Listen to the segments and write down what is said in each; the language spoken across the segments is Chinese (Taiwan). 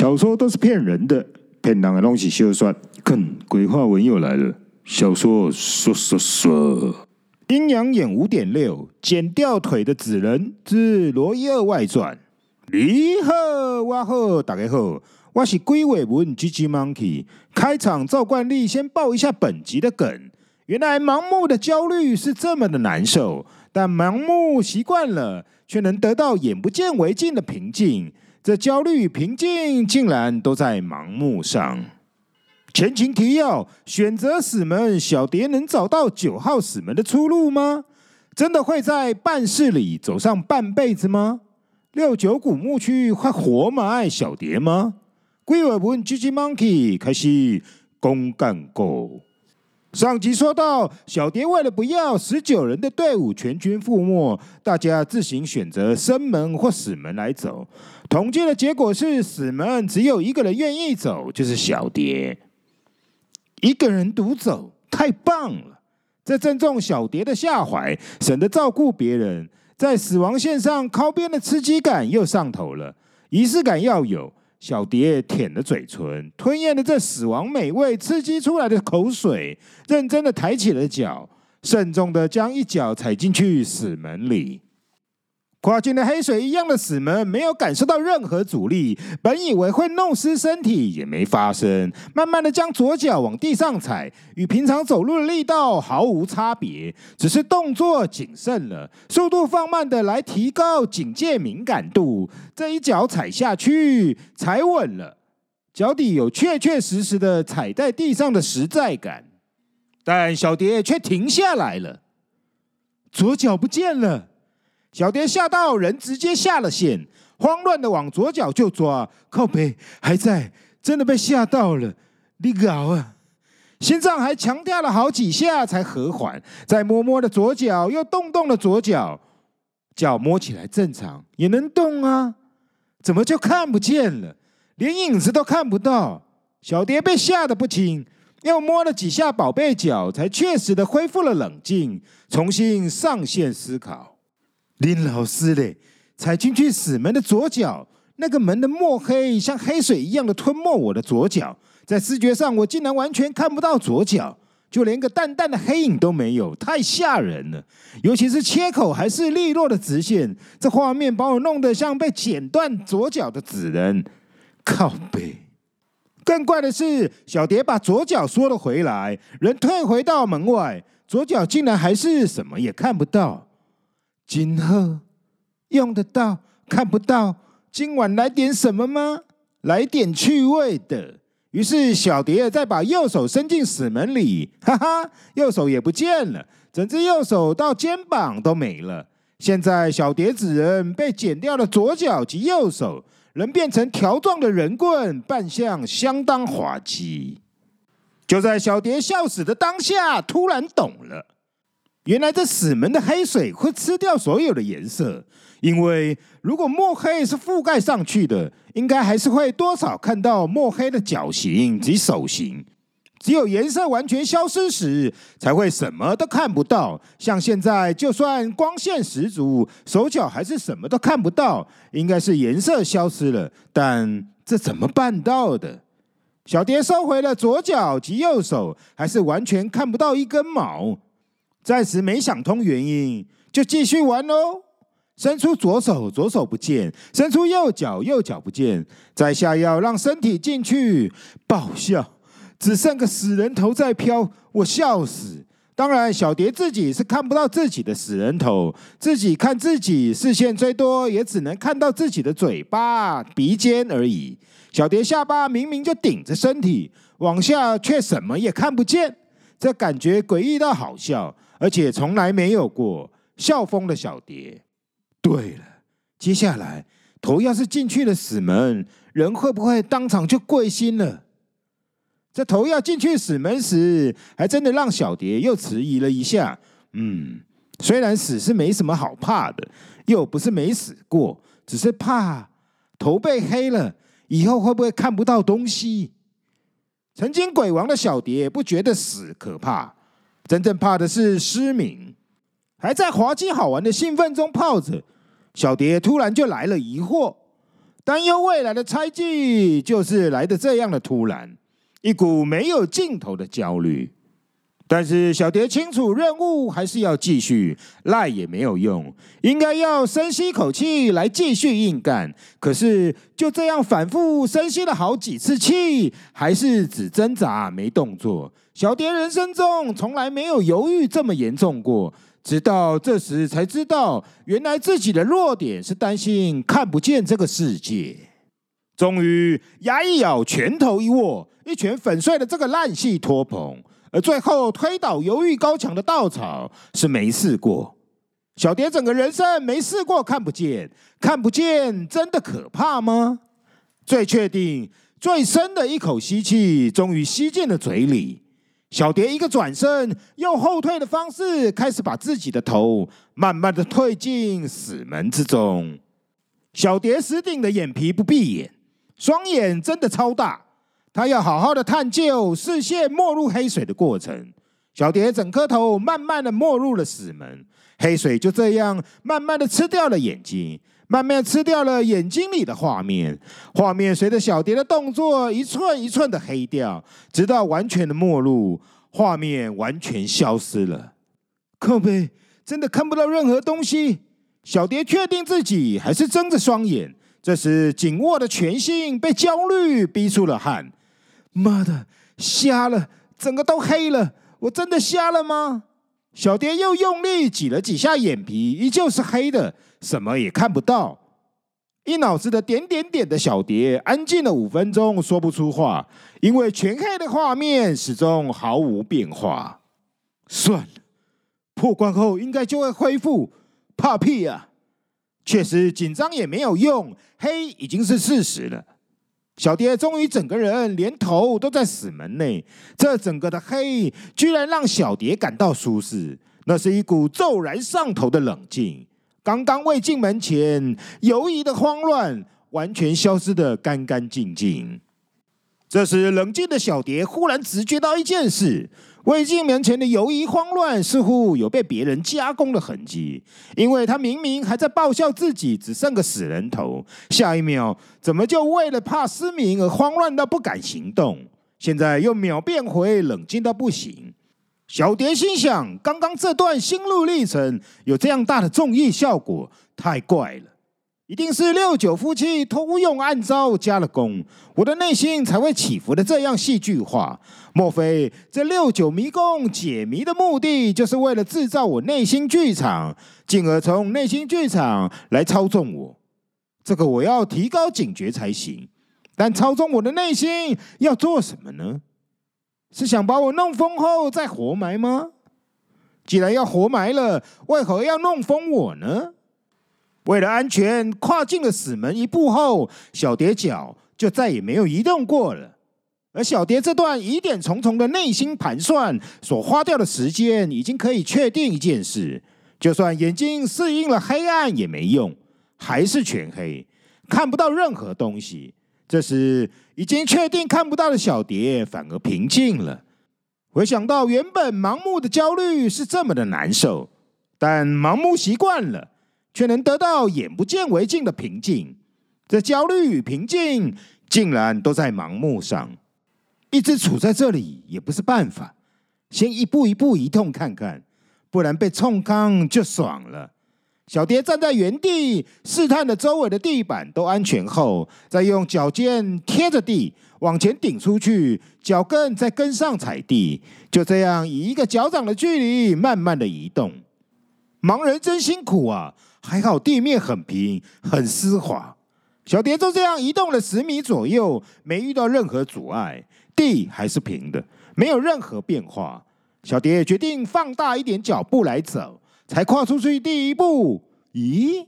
小說都是騙人的，騙人的東西休說。梗鬼話文又來了，小說說說說。陰陽眼五點六，剪掉腿的紙人之羅一二外傳。你好，哇好，大家好，我是鬼話文 G G Monkey。開場照慣例先爆一下本集的梗。原來盲目的焦慮是這麼的難受，但盲目習慣了，卻能得到眼不見為淨的平靜。這焦慮與平靜竟然都在盲目上。前情提要：選擇死門，小蝶能找到九號死門的出路嗎？真的會在半世裡走上半輩子嗎？六九古墓區會活埋小蝶嗎？鬼話文 GG monkey 開始公幹夠。上集說到，小蝶為了不要十九人的隊伍全軍覆沒，大家自行選擇生門或死門來走。統計的結果是，死門只有一個人願意走，就是小蝶。一個人獨走，太棒了！這正中小蝶的下懷，省得照顧別人，在死亡線上靠邊的刺激感又上頭了。儀式感要有，小蝶舔了嘴唇，吞嚥了這死亡美味刺激出來的口水，認真的抬起了腳，慎重的將一腳踩進去死門裡。跨進的黑水一樣的死門，沒有感受到任何阻力。本以為會弄濕身體，也沒發生。慢慢的將左腳往地上踩，與平常走路的力道毫無差別，只是動作謹慎了，速度放慢的來提高警戒敏感度。這一腳踩下去，踩穩了，腳底有確確實實的踩在地上的實在感。但小蝶卻停下來了，左腳不見了。小蝶嚇到人，人直接下了線，慌亂的往左腳就抓，靠北，還在，真的被嚇到了，你搞啊！心臟還強調了好幾下才和緩，再摸摸的左腳，又動動的左腳，腳摸起來正常，也能動啊，怎麼就看不見了？連影子都看不到。小蝶被嚇得不輕，又摸了幾下寶貝腳，才確實的恢復了冷靜，重新上線思考。林老師嘞，踩進去死門的左腳，那個門的墨黑像黑水一樣的吞沒我的左腳，在視覺上我竟然完全看不到左腳，就連個淡淡的黑影都沒有，太嚇人了。尤其是切口還是利落的直線，這畫面把我弄得像被剪斷左腳的紙人。靠北，更怪的是，小蝶把左腳縮了回來，人退回到門外，左腳竟然還是什麼也看不到。金鶴用得到看不到，今晚來點什麼嗎？來點趣味的。於是小蝶再把右手伸進死門裡，哈哈，右手也不見了，整隻右手到肩膀都沒了。現在小蝶紙人被剪掉了左腳及右手，人變成條狀的人棍，扮相相當滑稽。就在小蝶笑死的當下，突然懂了。原來這死門的黑水會吃掉所有的顏色，因為如果墨黑是覆蓋上去的，應該還是會多少看到墨黑的腳型及手型。只有顏色完全消失時，才會什麼都看不到。像現在，就算光線十足，手腳還是什麼都看不到。應該是顏色消失了，但這怎麼辦到的？小蝶收回了左腳及右手，還是完全看不到一根毛。暫時沒想通原因，就繼續玩嘍。伸出左手，左手不見；伸出右腳，右腳不見。再下要讓身體進去，爆笑，只剩個死人頭在飄，我笑死。當然，小蝶自己是看不到自己的死人頭，自己看自己，視線最多也只能看到自己的嘴巴、鼻尖而已。小蝶下巴明明就頂着身體，往下卻什麼也看不見。這感覺詭異到好笑，而且從來沒有過笑瘋的小蝶。對了，接下來頭要是進去了死門，人會不會當場就歸西了？這頭要進去死門時，還真的讓小蝶又遲疑了一下。嗯，雖然死是沒什麼好怕的，又不是沒死過，只是怕頭被黑了，以後會不會看不到東西？曾經鬼王的小蝶不覺得死可怕，真正怕的是失明。還在滑稽好玩的興奮中泡着，小蝶突然就來了疑惑、擔憂未來的猜忌，就是來得這樣的突然，一股沒有盡頭的焦慮。但是小蝶清楚，任務還是要繼續，賴也沒有用，應該要深吸口氣來繼續硬幹。可是就這樣反復深吸了好幾次氣，還是只掙扎沒動作。小蝶人生中從來沒有猶豫這麼嚴重過，直到這時才知道，原來自己的弱點是擔心看不見這個世界。終於，牙一咬，拳頭一握，一拳粉碎了這個爛戲拖棚。而最後推倒猶豫高牆的稻草是沒試過，小蝶整個人生沒試過看不見，看不見真的可怕嗎？最確定、最深的一口吸氣終於吸進了嘴裡，小蝶一個轉身，用後退的方式開始把自己的頭慢慢的退進死門之中。小蝶死頂的眼皮不閉眼，雙眼真的超大。他要好好的探究視線沒入黑水的過程。小蝶整顆頭慢慢的沒入了死門，黑水就這樣慢慢的吃掉了眼睛，慢慢吃掉了眼睛裡的畫面，畫面隨着小蝶的動作一寸一寸的黑掉，直到完全的沒入，畫面完全消失了。可悲，真的看不到任何東西。小蝶確定自己還是睜着雙眼，這時緊握的拳心被焦慮逼出了汗。媽的，Mother, 瞎了，整個都黑了，我真的瞎了嗎？小蝶又用力擠了幾下眼皮，依舊是黑的，什麼也看不到。一腦子的點點點的小蝶，安靜了五分鐘，說不出話，因為全黑的畫面始終毫無變化。算了，破關後應該就會恢復，怕屁啊，確實緊張也沒有用，黑已經是事實了。小蝶終於整個人連頭都在死門內，這整個的黑居然讓小蝶感到舒適。那是一股驟然上頭的冷靜，剛剛未進門前猶豫的慌亂完全消失得乾乾淨淨。這時，冷靜的小蝶忽然直覺到一件事。魏晉面前的遊移慌亂，似乎有被別人加工的痕跡，因為他明明還在爆笑自己只剩個死人頭，下一秒怎麼就為了怕失明而慌亂到不敢行動？現在又秒變回冷靜到不行。小蝶心想，剛剛這段心路歷程有這樣大的綜藝效果，太怪了。一定是六九夫妻偷用暗招加了功，我的內心才會起伏的這樣戲劇化。莫非這六九迷宮解謎的目的，就是為了制造我內心劇場，進而從內心劇場來操縱我？這個我要提高警覺才行。但操縱我的內心要做什麼呢？是想把我弄瘋後再活埋嗎？既然要活埋了，為何要弄瘋我呢？為了安全，跨進了死門一步後，小蝶腳就再也沒有移動過了。而小蝶這段疑點重重的內心盤算所花掉的時間，已經可以確定一件事：就算眼睛適應了黑暗也沒用，還是全黑，看不到任何東西。這時已經確定看不到的小蝶反而平靜了。回想到原本盲目的焦慮是這麼的難受，但盲目習慣了。卻能得到眼不見為淨的平靜，這焦慮與平靜竟然都在盲目上，一直處在這裡也不是辦法，先一步一步移動看看，不然被衝康就爽了。小蝶站在原地，試探的周圍的地板都安全後，再用腳尖貼着地往前頂出去，腳跟再跟上踩地，就這樣以一個腳掌的距離慢慢的移動。盲人真辛苦啊！還好地面很平，很絲滑，小蝶就這樣移動了十米左右，沒遇到任何阻礙，地還是平的，沒有任何變化。小蝶決定放大一點腳步來走，才跨出去第一步。咦？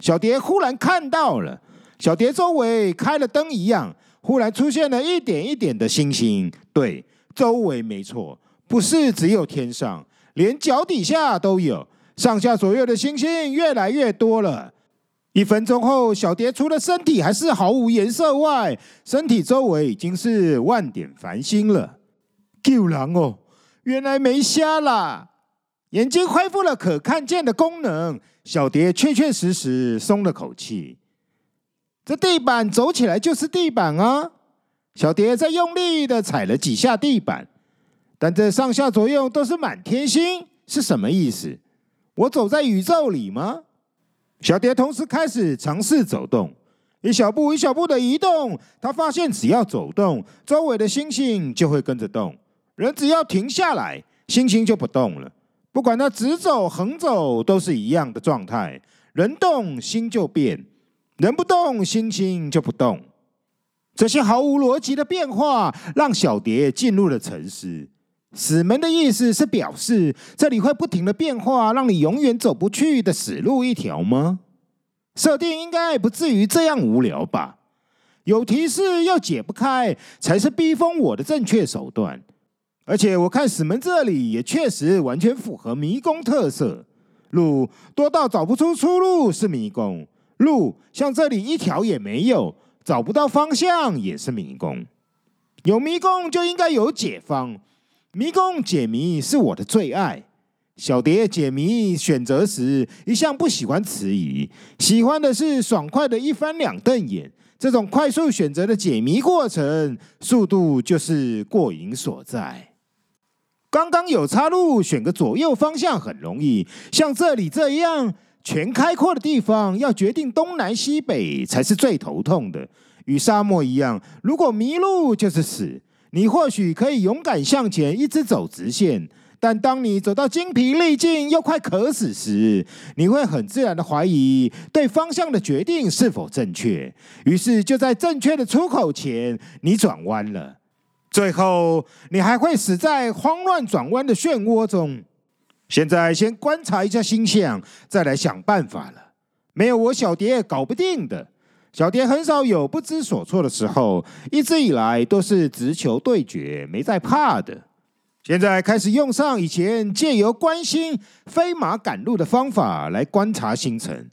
小蝶忽然看到了，小蝶周圍開了燈一樣，忽然出現了一點一點的星星。對，周圍沒錯，不是只有天上，連腳底下都有。上下左右的星星越來越多了。一分鐘後，小蝶除了身體還是毫無顏色外，身體周圍已經是萬點繁星了。救郎哦，原來沒瞎啦，眼睛恢復了可看見的功能。小蝶確確實實鬆了口氣。這地板走起來就是地板啊，哦！小蝶在用力的踩了幾下地板，但這上下左右都是滿天星，是什麼意思？我走在宇宙裡嗎？小蝶同時開始嘗試走動，一小步一小步的移動。她發現，只要走動，周圍的星星就會跟着動；人只要停下來，星星就不動了。不管他直走、橫走，都是一樣的狀態。人動心就變，人不動星星就不動。這些毫無邏輯的變化，讓小蝶進入了沉思。死門的意思是表示這裡會不停地變化，讓你永遠走不去的死路一條嗎？設定應該不至於這樣無聊吧？有提示又解不開，才是逼瘋我的正確手段。而且我看死門這裡也確實完全符合迷宮特色：路多到找不出出路是迷宮，路像這裡一條也沒有，找不到方向也是迷宮。有迷宮就應該有解方。迷宮解謎是我的最愛。小蝶解謎選擇時一向不喜歡遲疑，喜歡的是爽快的一翻兩瞪眼。這種快速選擇的解謎過程，速度就是過癮所在。剛剛有岔路，選個左右方向很容易。像這裡這樣全開闊的地方，要決定東南西北才是最頭痛的。與沙漠一樣，如果迷路就是死。你或許可以勇敢向前，一直走直線，但當你走到精疲力盡又快渴死時，你會很自然的懷疑對方向的決定是否正確，於是就在正確的出口前，你轉彎了，最後你還會死在慌亂轉彎的漩渦中。現在先觀察一下星象，再來想辦法了，沒有我小蝶也搞不定的。小蝶很少有不知所措的時候，一直以來都是直球對決，沒在怕的。現在開始用上以前借由觀星飛馬趕路的方法來觀察星辰，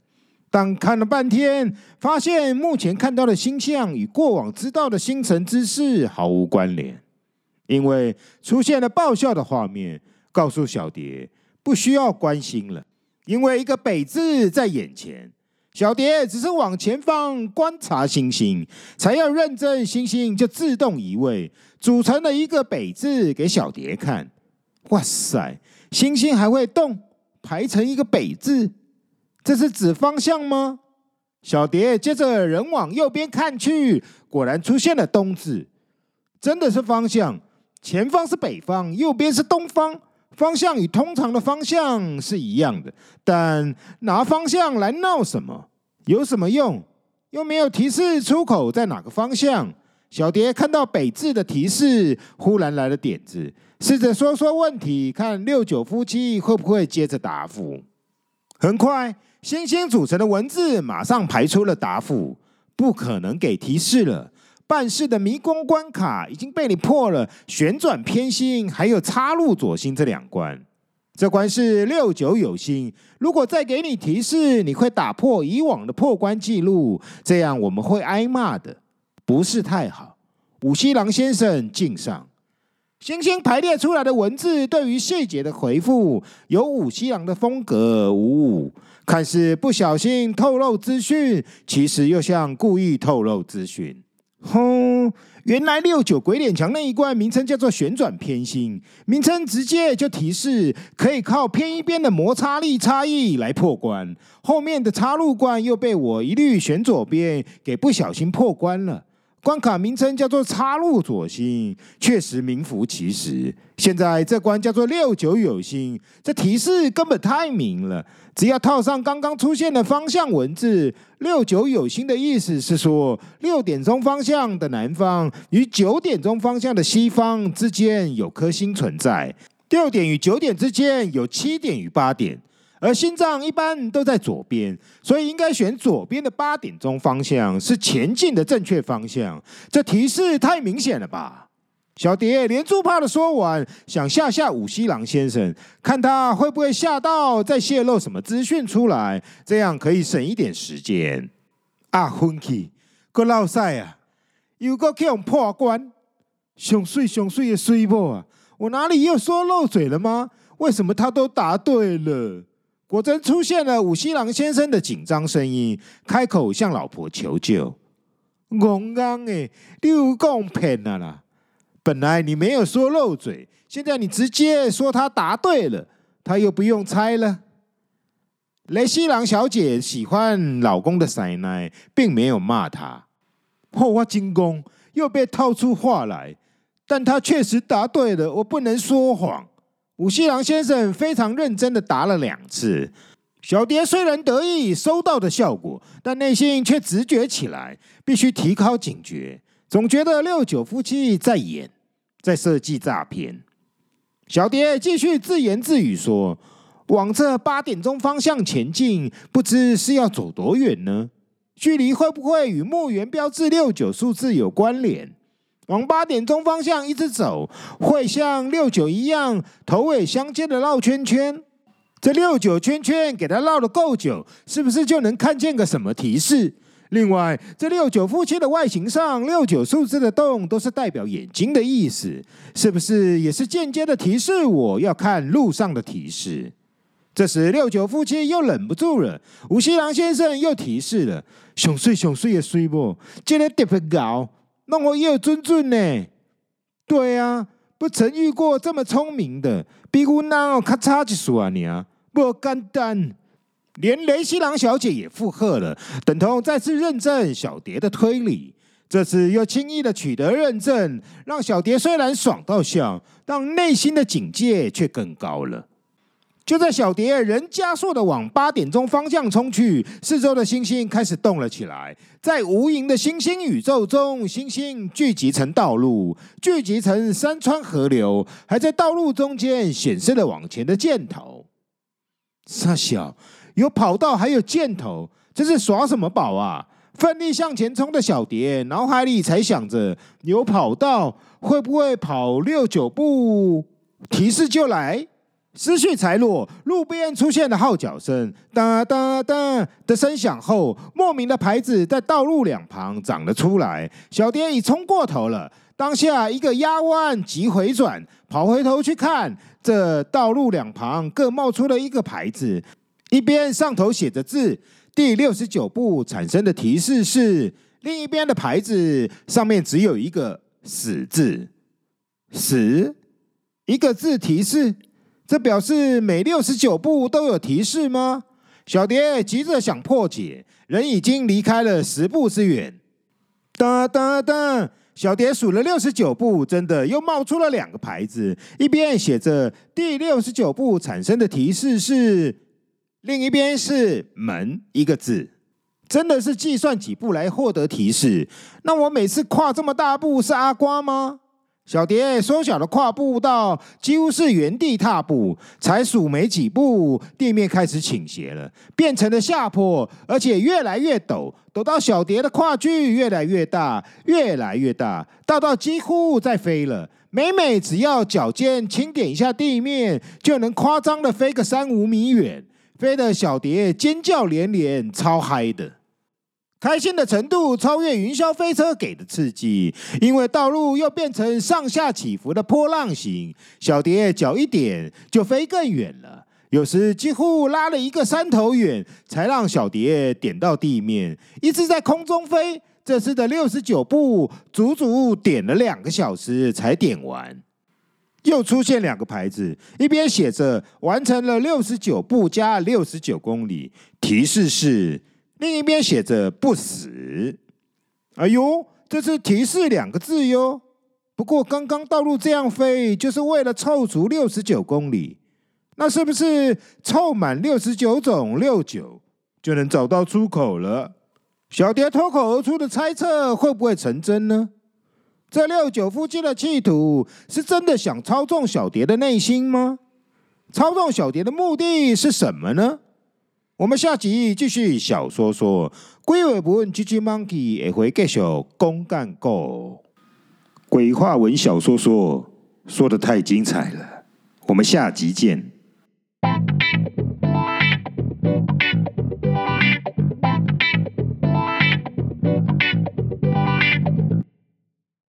但看了半天，發現目前看到的星象與過往知道的星辰之事毫無關聯。因為出現了爆笑的畫面，告訴小蝶不需要關心了，因為一個“北”字在眼前。小蝶只是往前方觀察星星，才要認真，星星就自動移位，組成了一個北“北”字給小蝶看。哇塞，星星還會動，排成一個“北”字，這是指方向嗎？小蝶接着人往右邊看去，果然出現了“東”字，真的是方向。前方是北方，右邊是東方。方向與通常的方向是一樣的，但拿方向來鬧什麼？有什麼用？又沒有提示出口在哪個方向？小蝶看到北字的提示，忽然來了點子，試着說說問題，看六九夫妻會不會接着答覆。很快，星星組成的文字馬上排出了答覆，不可能給提示了。辦事的迷宮關卡已經被你破了，旋轉偏心，還有插入左心這兩關。這關是六九有心。如果再給你提示，你會打破以往的破關記錄，這樣我們會挨罵的，不是太好。五西郎先生敬上。星星排列出來的文字對於細節的回復，有五西郎的風格，五五，看似不小心透露資訊，其實又像故意透露資訊。哼，原來六九鬼臉牆那一關名稱叫做旋轉偏心，名稱直接就提示可以靠偏一邊的摩擦力差異來破關，後面的插入關又被我一律選左邊，給不小心破關了。關卡名稱叫做“插入左心”，確實名副其實。現在這關叫做“六九有星”，這提示根本太明了。只要套上剛剛出現的方向文字，“六九有星”的意思是說，六點鐘方向的南方與九點鐘方向的西方之間有顆星存在。六點與九點之間有七點與八點。而心臟一般都在左邊，所以應該選左邊的八點鐘方向是前進的正確方向。這提示太明顯了吧？小蝶連珠炮地說完，想嚇嚇武西郎先生，看他會不會嚇到再泄露什麼資訊出來，這樣可以省一點時間。啊，昏去，個老賽啊，有個去用破關，熊睡熊睡的碎破啊！我哪裡又說漏嘴了嗎？為什麼他都答對了？果真出現了武西郎先生的緊張聲音，開口向老婆求救。我剛你有講騙阿拉！本來你沒有說漏嘴，現在你直接說他答對了，他又不用猜了。雷西郎小姐喜歡老公的細膩，並沒有罵他。哦、我進弓，又被套出話來，但他確實答對了，我不能說謊。武西郎先生非常認真地答了兩次。小蝶雖然得意收到的效果，但內心卻直覺起來，必須提高警覺，總覺得六九夫妻在演，在設計詐騙。小蝶繼續自言自語說：“往這八點鐘方向前進，不知是要走多遠呢？距離會不會與墓園標誌六九數字有關聯？”往八點鐘方向一直走，會像六九一樣頭尾相接的繞圈圈。這六九圈圈給它繞了夠久，是不是就能看見個什麼提示？另外，這六九夫妻的外形上，六九數字的洞都是代表眼睛的意思，是不是也是間接的提示我要看路上的提示？這時，六九夫妻又忍不住了，吳錫郎先生又提示了：想睡想睡也睡不，進來點份稿。這個那我也有尊重呢，對啊，不曾遇過這麼聰明的，比阮那哦卡差一啊，你啊，不簡單。連雷西郎小姐也附和了，等同再次認證小蝶的推理。這次又輕易的取得認證，讓小蝶雖然爽到笑，但內心的警戒卻更高了。就在小蝶人加速的往八點鐘方向衝去，四周的星星開始動了起來。在無垠的星星宇宙中，星星聚集成道路，聚集成山川河流，還在道路中間顯示了往前的箭頭。殺小，有跑道還有箭頭，這是耍什麼寶啊？奮力向前衝的小蝶，腦海裡才想着：有跑道會不會跑六九步？提示就來。思緒才落，路邊出現了號角聲，噠噠噠的聲響後，莫名的牌子在道路兩旁長了出來。小蝶已衝過頭了，當下一個壓彎即回轉，跑回頭去看，這道路兩旁各冒出了一個牌子，一邊上頭寫着字：“第六十九步產生的提示是”，另一邊的牌子上面只有一個“死”字，“死”一個字提示。這表示每六十九步都有提示嗎？小蝶急着想破解，人已經離開了十步之遠。噠噠噠，小蝶數了六十九步，真的又冒出了兩個牌子，一邊寫着“第六十九步產生的提示是”，另一邊是“門”一個字。真的是計算幾步來獲得提示？那我每次跨這麼大步是阿瓜嗎？小蝶縮小了跨步，到幾乎是原地踏步，才數沒幾步，地面開始傾斜了，變成了下坡，而且越來越陡，陡到小蝶的跨距越來越大，越來越大，大到幾乎在飛了。每每只要腳尖輕點一下地面，就能誇張的飛個三五米遠，飛得小蝶尖叫連連，超嗨的。開心的程度超越雲霄飛車給的刺激，因為道路又變成上下起伏的波浪形，小蝶腳一點就飛更遠了。有時幾乎拉了一個山頭遠，才讓小蝶點到地面，一直在空中飛。這次的六十九步，足足點了兩個小時才點完。又出現兩個牌子，一邊寫着“完成了六十九步加六十九公里”，提示是。另一邊寫着“不死”，哎呦，這是提示兩個字喲。不過剛剛道路這樣飛，就是為了湊足六十九公里，那是不是湊滿六十九種六九就能找到出口了？小蝶脫口而出的猜測，會不會成真呢？這六九夫妻的企圖是真的想操縱小蝶的內心嗎？操縱小蝶的目的是什麼呢？我們下集繼續小說說，鬼話文，GGmonkey 也會繼續公幹過。鬼話文小說說說的太精彩了，我們下集見。